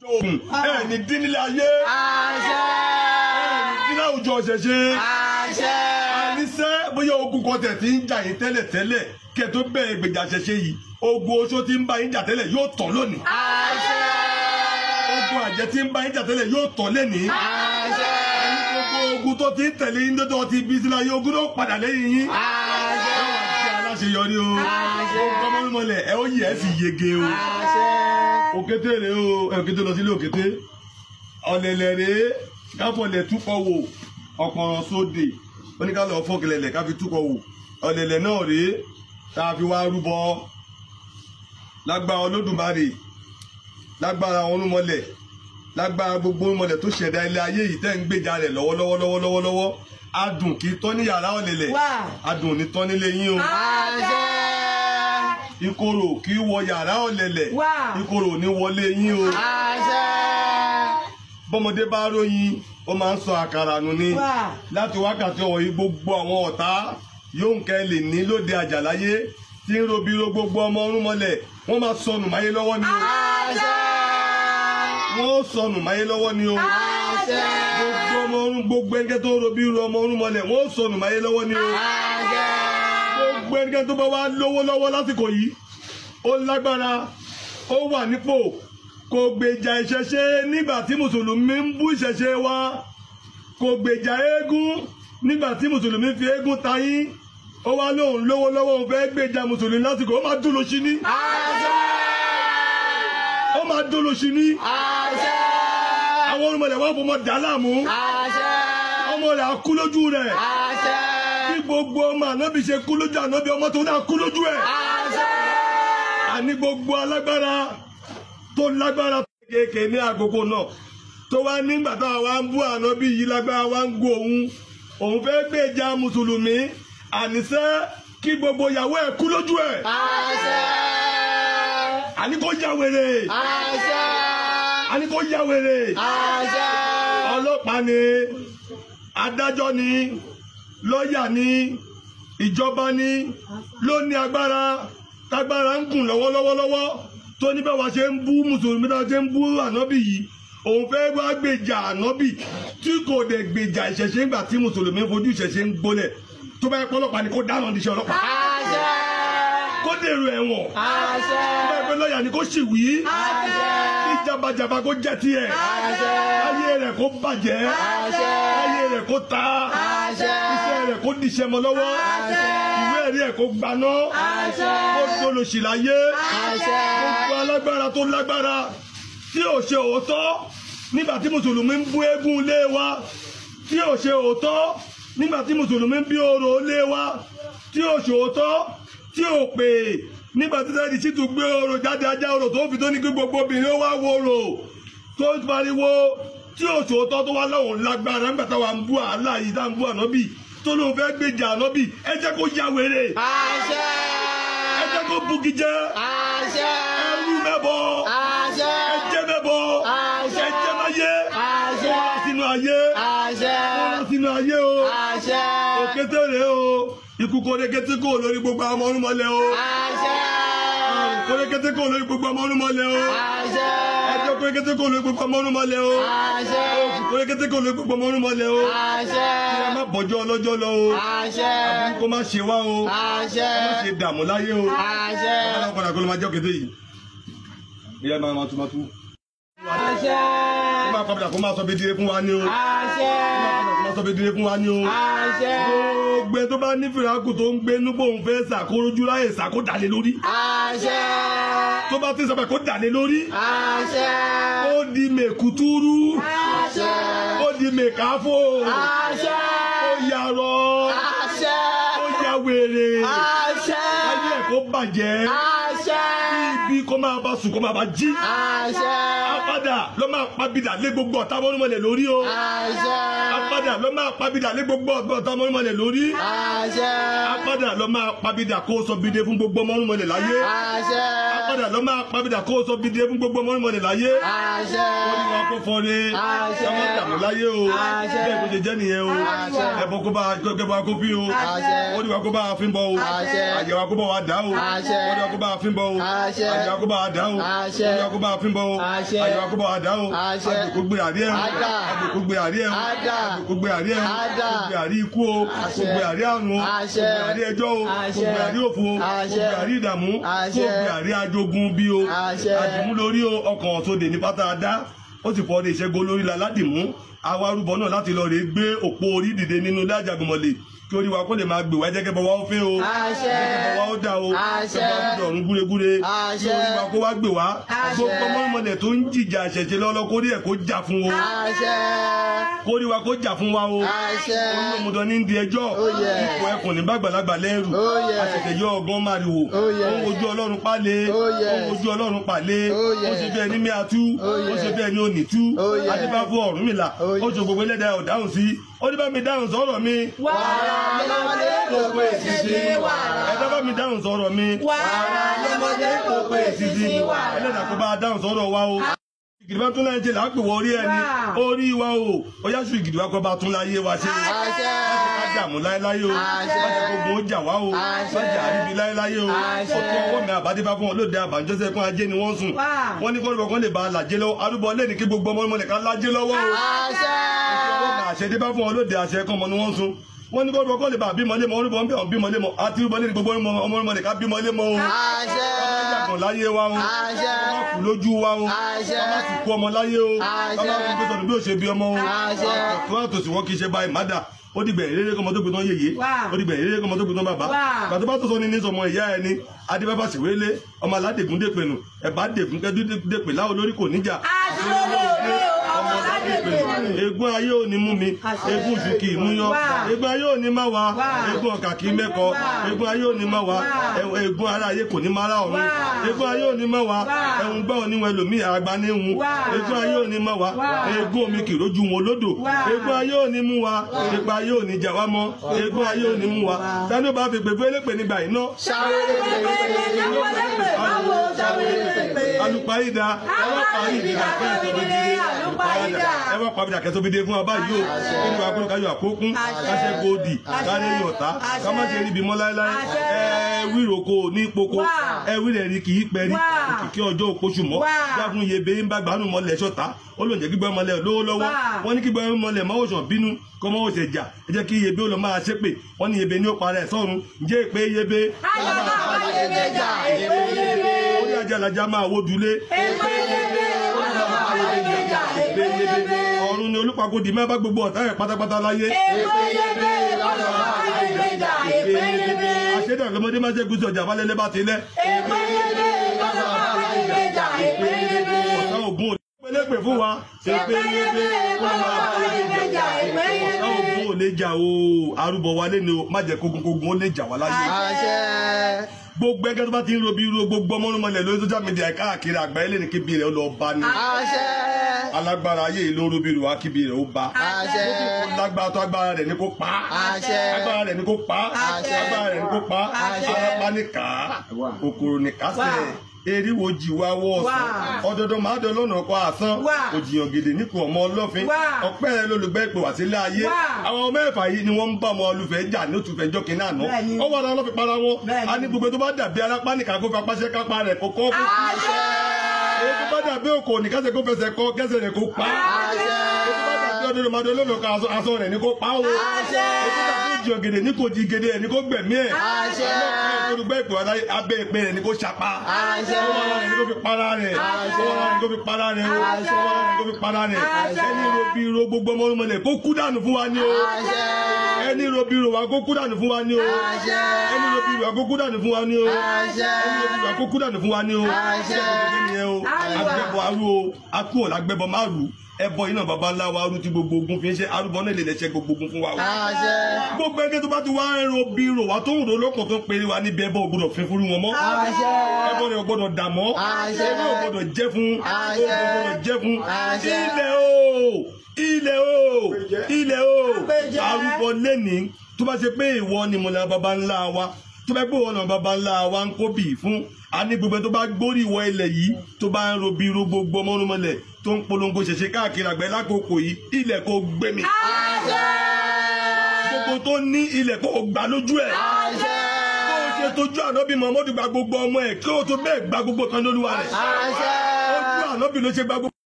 jogun ah. ẹni dín nílé ayé ẹni dín láwùjọ ṣẹṣẹ àníṣe bóyá ogun kan tẹ̀ tí ń jà yín tẹ́lẹ̀ tẹ́lẹ̀ kí ẹ tó bẹ̀rẹ̀ gbèjà ṣẹṣẹ yìí ogun oṣó tí ń bá yín jà tẹ́lẹ̀ yóò tán lónìí ogun àjẹ́ tí ń bá yín jà tẹ́lẹ̀ yóò tán lónìí ogun tó ti ń tẹ̀lé yín lọ́dọ̀ ti bí sílá yín ogun ló padà lẹ́yìn yín. ẹ wà á di aláṣeyọrí o. ó gbọ́mọ́lùmọ́lẹ̀ ẹ ó yẹ ẹ fi yege o òkété rèé o òkété lọ sílé òkété ọ̀lẹ̀lẹ̀ rèé káfọ̀lẹ̀ túkọ̀ wò ọ̀pọ̀ràn sóde oníkàlọ̀ fọ́kẹlẹ̀lẹ̀ káfi túkọ̀ wò ọ̀lẹ̀lẹ̀ náà rèé tá a fi wá rúbọ lágbára olódùmarè lágbára àwọn olúmọlẹ̀ lágbára gbogbo olúmọlẹ̀ tó ṣẹ̀dá ilé ayé yìí tẹ́ ń gbèjà rẹ̀ lọ́wọ́lọ́wọ́ lọ́wọ́lọ́wọ́ adùn kì í tọ́ ní yàrá ọ̀lẹ̀lẹ̀ adùn ò ní tọ́ nílé yín o. àṣẹ ìkorò kì í wọ yàrá ọ̀lẹ̀lẹ̀ ìkorò ní wọlé yín o. bọ́mọdé bá ròyìn ó máa ń sọ àkàrà nù ni láti wákàtí ọ̀wọ̀ yìí gbogbo àwọn ọ̀tá yóò ń kẹ́ lè ní lóde àjàláyé tí ń robi ro gbogbo ọmọ ọrún mọ́lẹ̀ wọ́n máa sọnù máyé lọ́wọ́ ni o. wọ́n sọnù máyé lọ́wọ́ ni o. gbogbo ọmọ ọrún gbogbo ẹnikẹ́ tó robi ro ọmọ ọrún mọ́lẹ̀ wọ́n sọnù máyé lọ́wọ́ ni o gbogbo ẹnikẹ́ni tó bá wá lówó lọ́wọ́ lásìkò yìí ó lágbára ó wà nípò kò gbèjà ìṣẹ̀ṣe nígbà tí mùsùlùmí ń bú ìṣẹ̀ṣe wa kò gbèjà eégún nígbà tí mùsùlùmí fi eégún ta yín ó wá lóun lówó lọ́wọ́ òun fẹ́ gbèjà mùsùlùmí lásìkò ó máa dùn lóṣì ní. ó máa dùn lóṣì ní. àwọn olùmọ̀lẹ̀ wọ́n fọmọ dàlámù. ọmọ rẹ̀ á lójú rẹ̀ bí gbogbo ọmọ ànábì ṣe kú lójú ànábì ọmọ tó náà kú lójú ẹ̀ àní gbogbo alágbára tó lágbára tó kéèké ní àkókò náà tó wá nígbà táwa wá ń bú ànábì yìí lágbára wá ń gún òun òun fẹ́ gbèjà mùsùlùmí àníṣe kí gbogbo ìyàwó ẹ̀ kú lójú ẹ̀ àní kó ya wèrè àní kó ya wèrè ọlọ́pàá ni adájọ́ ni lọ́ọ̀yà ní ìjọba ní ló agbára tágbára ń kùn lọ́wọ́lọ́wọ́lọ́wọ́ tó ní báwa ṣe ń bú mùsùlùmí náà ṣe ń bú ànábì yìí òun fẹ́ wá gbèjà ànábì tí kò dẹ̀ gbèjà ìṣẹ̀ṣe ńgbà tí mùsùlùmí fojú ìṣẹ̀ṣe ń gbólẹ̀ tó bá yẹ pọ́lọ́pàá ni kó dáná níṣẹ́ ọlọ́pàá kó dèrò ẹ̀wọ̀n tó bá yẹ lọ́ọ̀yà ni kó sì wí ní jabajaba kó jẹ́ tiẹ̀ ayé rẹ̀ kó bàjẹ́ rẹ̀ kó ta iṣẹ́ rẹ̀ kó dìṣẹ́ mọ́ lọ́wọ́ ìwé ẹ̀rí ẹ̀ kó gbaná kó dolóṣì láyé gbogbo alágbára tó lágbára tí ò ṣe òótọ́ nígbà tí mùsùlùmí ń bú eégún lé wa tí ò ṣe òótọ́ nígbà tí mùsùlùmí ń bí orò lé wa tí ò ṣe òótọ́ tí ò pè nígbà tí sáyidì sì tún gbé orò jáde ajá orò tó fi tó ní kí gbogbo obìnrin ó wá wo orò tó pariwo tí òṣòótọ́ tó wá lọ́wọ́ lágbára nígbà táwa ń bú àlá yìí tá ń bú ànábì tó lóun fẹ́ gbèjà ànábì ẹ jẹ́ kó ya wèrè. àṣẹ. ẹ jẹ́ kó bugi jẹ. àṣẹ. ẹ wú mẹ́bọ. àṣẹ. ẹ jẹ́ mẹ́bọ. àṣẹ. ẹ jẹ́ máyé. àṣẹ. wọ́n lọ sínú ayé. àṣẹ. wọ́n lọ sínú ayé o. àṣẹ. òkété rèé o ikú kórékété kò lórí gbogbo ọmọ ọdún mọ́lẹ̀ o. àṣẹ. kórékété kò lórí gbogbo ọmọ ọdún mọ́lẹ̀ o. àṣẹ òkú kété kò lè gbogbo ọmọ ọdún mọ́lẹ̀ o òkú kété kò lè gbogbo ọmọ ọdún mọ́lẹ̀ o kí a má bọ̀jọ́ o àbúrú kó má ṣe o kó má ṣe dààmú o ọlọ́run padà kó ló máa jẹ́ òkété yìí bí ẹ máa máa tún máa tún. kó máa dire fún wa ni o kó máa padà dire fún wa ni o gbogbo ẹ tó bá nífìrà kù tó ń gbé nígbò òun tó bá ti sọ pé kó dàlé lórí. àṣẹ. ó di mèkútúrú. àṣẹ. ó di mèkáfò. àṣẹ. ó yarọ. àṣẹ. ó ya wèrè. àṣẹ. ayé ẹ̀ kó bàjẹ́. àṣẹ. ibi kó máa bá sùn kó máa bá jí. àṣẹ. apádà ló máa pabidà lé gbogbo ọ̀tá mọ́númọ́lẹ̀ lórí o. àṣẹ. apádà ló máa pabidà lé gbogbo ọ̀tá mọ́númọ́lẹ̀ lórí. àṣẹ. apádà ló máa pabidà kó sọ bide fún gbogbo mọ́númọ́lẹ̀ láyé. àṣẹ padà ló máa pàbídà kó o sọ bídé fún gbogbo mọ́nìmọ́nì láyé. wọ́n kó fọ́ ni. ọmọ ìdààmú láyé o. bẹ́ẹ̀ kò jẹ́ nìyẹn o. ẹ̀bùn kó bá gbẹ́bọ̀ wa fi o. wọ́n ní wa kó bá a fín bọ̀ o. àyè wa kó bá wa dá o. wọ́n ní wa kó bá a fín bọ̀ o. àyè wa kó bá a dá o. wọ́n ní wa kó bá a fín bọ̀ o. àyè wa kó bá a dá o. àṣẹ. gbé àrí ẹ̀ àgbèkó gbé gbé àrí ẹ̀ gbé àrí gbé àrí àrùn o. gbé gbé àrí òfo o jogun bí o àdìmú lórí o ọkàn ọ̀tọ̀dẹ̀ ní pátá dá ó sì fọ ọdẹ ìṣẹ́gun olórí ládìmú àwa náà láti lọ rèé gbé òpó orí dìde nínú ilé àjàgùnmọ̀lẹ̀ kí orí wa kó lè máa gbè jẹ́gẹ́ bọ́ wá ó fẹ́ o jẹ́gẹ́ bọ́ wá ó dà o jẹ́gẹ́ bọ́ wá ọ̀run gúregúre kí orí wa kó wá gbè wá gbogbo mọ́mọ́lẹ̀ tó ń jìjà àṣẹ̀ṣẹ̀ lọ́lọ́ kórí ẹ̀ kó jà fún o kórí wa kó jà fún wa o olùmọ̀dọ́ ní di ẹjọ́ oh, ipò ẹkùn ní bàgbàlagbà lẹ́rù oh, àṣẹ̀ṣẹ̀ yọ ọgbọ́n màrìwò òun oh, ojú ọlọ́run pálẹ̀ òun ojú ọlọ́run pálẹ̀ ó òní tú oh, adébá fún Ọ̀rúnmìlà oṣù oh, gbogbo ẹlẹ́dàá ò dáhùn sí ó ní bá mi dáhùn sọ̀rọ̀ mi. wàrà lọ́mọdé kò pé títí wàrà. ẹ dábàá mi dáhùn sọ̀rọ̀ mi. wàrà lọ́mọdé kò pé títí wàrà. ẹlẹ́dàá kò bá a dáhùn sọ̀rọ̀ wa o ah. ìgìdìbá tún láyé ṣe là ń pè wọ orí ẹni orí wa o ó yá sùn ìgìdìbá kọ́ bá tún láyé wa ṣe. àṣẹ jà mú o májẹ̀ gbogbo ó jà wá o májẹ̀ àríbi láéláyé o ọ̀tún ọwọ́ mi àbádé bá fún wọn lóde àbájọ́sẹ̀ fún ajé ni wọ́n sùn wọ́n ní kọ́nùbọ̀ kan lè ba làjé lọ́wọ́ arúgbó lẹ́ni kí gbogbo ọmọ ọmọ nìkan lájé lọ́wọ́ o ọ̀tún ọwọ́ mi àṣẹ wọ́n ní gbogbo kọ́lé bá bímọ lémọ orúbọ ń bẹ̀ ọ́n bímọ lémọ àti rúbọ lẹ́nu gbogbo ọmọ ọmọ nìkan bímọ lémọ o. àṣẹ ọmọ láyé wa o àṣẹ ọmọ kù lójú wa o àṣẹ ọmọ sì kú ọmọ láyé o àṣẹ ọmọ kù sọdún bí ó ṣe bí ọmọ o àṣẹ ọmọ tó sì wọ́n kì í ṣe báyìí má dà ó dìgbà ìrere kọmọ tó gbẹdán yèyé ó dìgbà ìrere kọmọ tó gbẹdán bàbá gbàtọ́ bá tó sọ ní ní sọmọ ìyá ẹni adébábà sì wélé ọmọ aládègún dèpẹ̀nù ẹ̀bá dègún kẹ́dú dèpẹ̀ láwọn olórí kò níjà. àdúró pípé ègún ayé ò ní mú mi ègún oṣù kì í mú yọ ègún ayé ò ní má wá ègún ọkà kì í mẹ́kọ ègún ayé ò ní má wá ègún ara ayé kò ní má ra ọ̀run ègún ayé ò ní má wá ẹ̀hún gbọ́ oníwọ̀n ẹlòmíì àgbá ní hun ègún ayé ò má wá ègún omi kì lójú wọn lódò ègún ayé ò mú wa ipa ayé ò jà wá mọ́ ègún ayé ò mú wa tani ó bá fi gbègbè lépè nígbà yìí ná. ṣàrẹ́ lépè lépè lépè lépè àlùpàyídà ọlọ́pàyídà kẹ́tọ́bídé àlùpàyídà ẹ bá pàbídà kẹ́tọ́bídé fún abá yìí o nínú agbọ́n káyọ̀ àkókún káṣẹ́ gòdì kárẹ́ yọ̀tá ká má mọ́ láéláé ẹ wíroko ní poko ẹ wírẹ̀ kì í pẹ́rí kìkì ọjọ́ òpóṣù mọ́ jáfún yebe ń bá gbanú mọ́lẹ̀ ṣọ́ta ó gbígbọ́ mọ́lẹ̀ lówó lọ́wọ́ wọ́n ní gbígbọ́ mọ́lẹ̀ mọ́wọ́sàn bínú kọ́ mọ́wọ́sẹ̀ jà ẹ jẹ́ kí yebe ó lọ máa ṣépè wọ́n ní yebe ní ó parẹ́ sọ́run ǹjẹ́ ìpè yebe. ayọ̀ bá wà yebe jà ìpè yebe ajálajà máa wó dulé. ebelebe ọ̀nà máa wọ ìgbèjà ebelebe. ọ̀run ni olùpàgọ́dì máa bá gbogbo ọ̀tá ẹ̀ pátápátá láyé. ebelebe ọ̀nà máa wọ ìgbèjà ebelebe. àṣẹdá lọmọdé máa jẹ gúúsù ọjà balẹ̀lẹ̀ bá ti lẹ̀. ebelebe ọ̀nà máa wọ ìgbèjà ebelebe. ọ̀tá ògùn ò ó lè jà o arúbọ wa lẹ́nu má jẹ́ kógun kógun ó lè jà wá láyé. gbogbo ẹgbẹ́ tó bá ti ń ro ro gbogbo ọmọ ọmọ ilẹ̀ lórí social media káàkiri àgbáyé lè ní kí rẹ̀ ó lọ bá ní. alágbára ayé ìlú orúbìrù wa kí bí rẹ̀ ó bá. lágbára tó agbára rẹ̀ ní kó pa. agbára rẹ̀ ní kó pa. agbára rẹ̀ ní kó pa. alápá ní ká kòkòrò ní kásẹ̀. eriwo wo wọ ọ̀sán ọdọọdún máa dán lọ́nà ọkọ̀ àsán òjìyàn gidi nípò ọmọ ọlọ́fin ọpẹ́ lólùgbẹ́ ìpè wá sílé ayé àwọn ọmọ ẹ̀fà yìí ni wọ́n ń bá ọmọ olùfẹ́ jà ní òtún fẹjọ́ kínní àná ó wà láwọn ọlọ́fin para wọn a ní gbogbo tó bá dàbí arápá nìkan kó kápá kó tó bá dàbí òkò Abíọ́dún máa dé olólùkà aṣọ rẹ̀ ní kó pa Àṣẹ. Èkúta tó ògèdè ní kò di gèdè ẹ̀ ní kó gbẹ̀mí ẹ̀. Àṣẹ. Olùgbẹ́ ìpè ọ̀dà abẹ́ ìpè rẹ̀ ní kó ṣapa. Àṣẹ. Owó ara rẹ̀ fi para rẹ̀. Àṣẹ. Ẹni ro bí kó kú dànù fún wa ní o. Àṣẹ. Ẹni ro bí kó kú dànù fún wa ní o. Àṣẹ. Ẹni ro bí kó kú dànù fún wa ní o. Àṣẹ. Àṣẹ. Àgbẹ̀bọ̀ arú o, akú ò lágbẹ̀bọ̀ márùn ẹbọ iná baba ńlá wa arúti gbogbo ogun fi ń ṣe arúbọ náà lè lẹsẹ gbogbo ogun fún wa o. gbogbo ẹgbẹ́ tó bá ti wá ẹran obi rò wá tó ń rò lọ́kàn tó ń pèrè wa níbi ẹbọ ògbọ́dọ̀ fẹ́ fúru wọn mọ́. ẹbọ ni ògbọ́dọ̀ dà mọ́. ẹbọ ògbọ́dọ̀ jẹ́ fún. ògbọ́dọ̀ jẹ́ fún. ilẹ̀ o ilẹ̀ o ilẹ̀ o arúbọ lẹ́nìí tó bá ṣe pé ìwọ ni mọ̀lẹ́ baba ńlá wa tó bá pé ìwọ ni baba ńlá wa ń kó bì fún a ní gbogbo tó bá gbórí ìwọ ilẹ̀ yìí tó bá ń ro gbogbo ọmọnumọlẹ̀ tó ń polongo ṣẹ̀ṣẹ̀ káàkiri àgbẹ̀ lákòókò yìí ilẹ̀ kò gbẹ̀mí. gbogbo tó ní ilẹ̀ kò gbà lójú ẹ̀. kó o ṣe tójú ànábì Muhammadu gba gbogbo ọmọ ẹ̀ kí o tó bẹ́ẹ̀ gba gbogbo kan lóluwa rẹ̀. ojú ànábì ló ṣe gba gbogbo.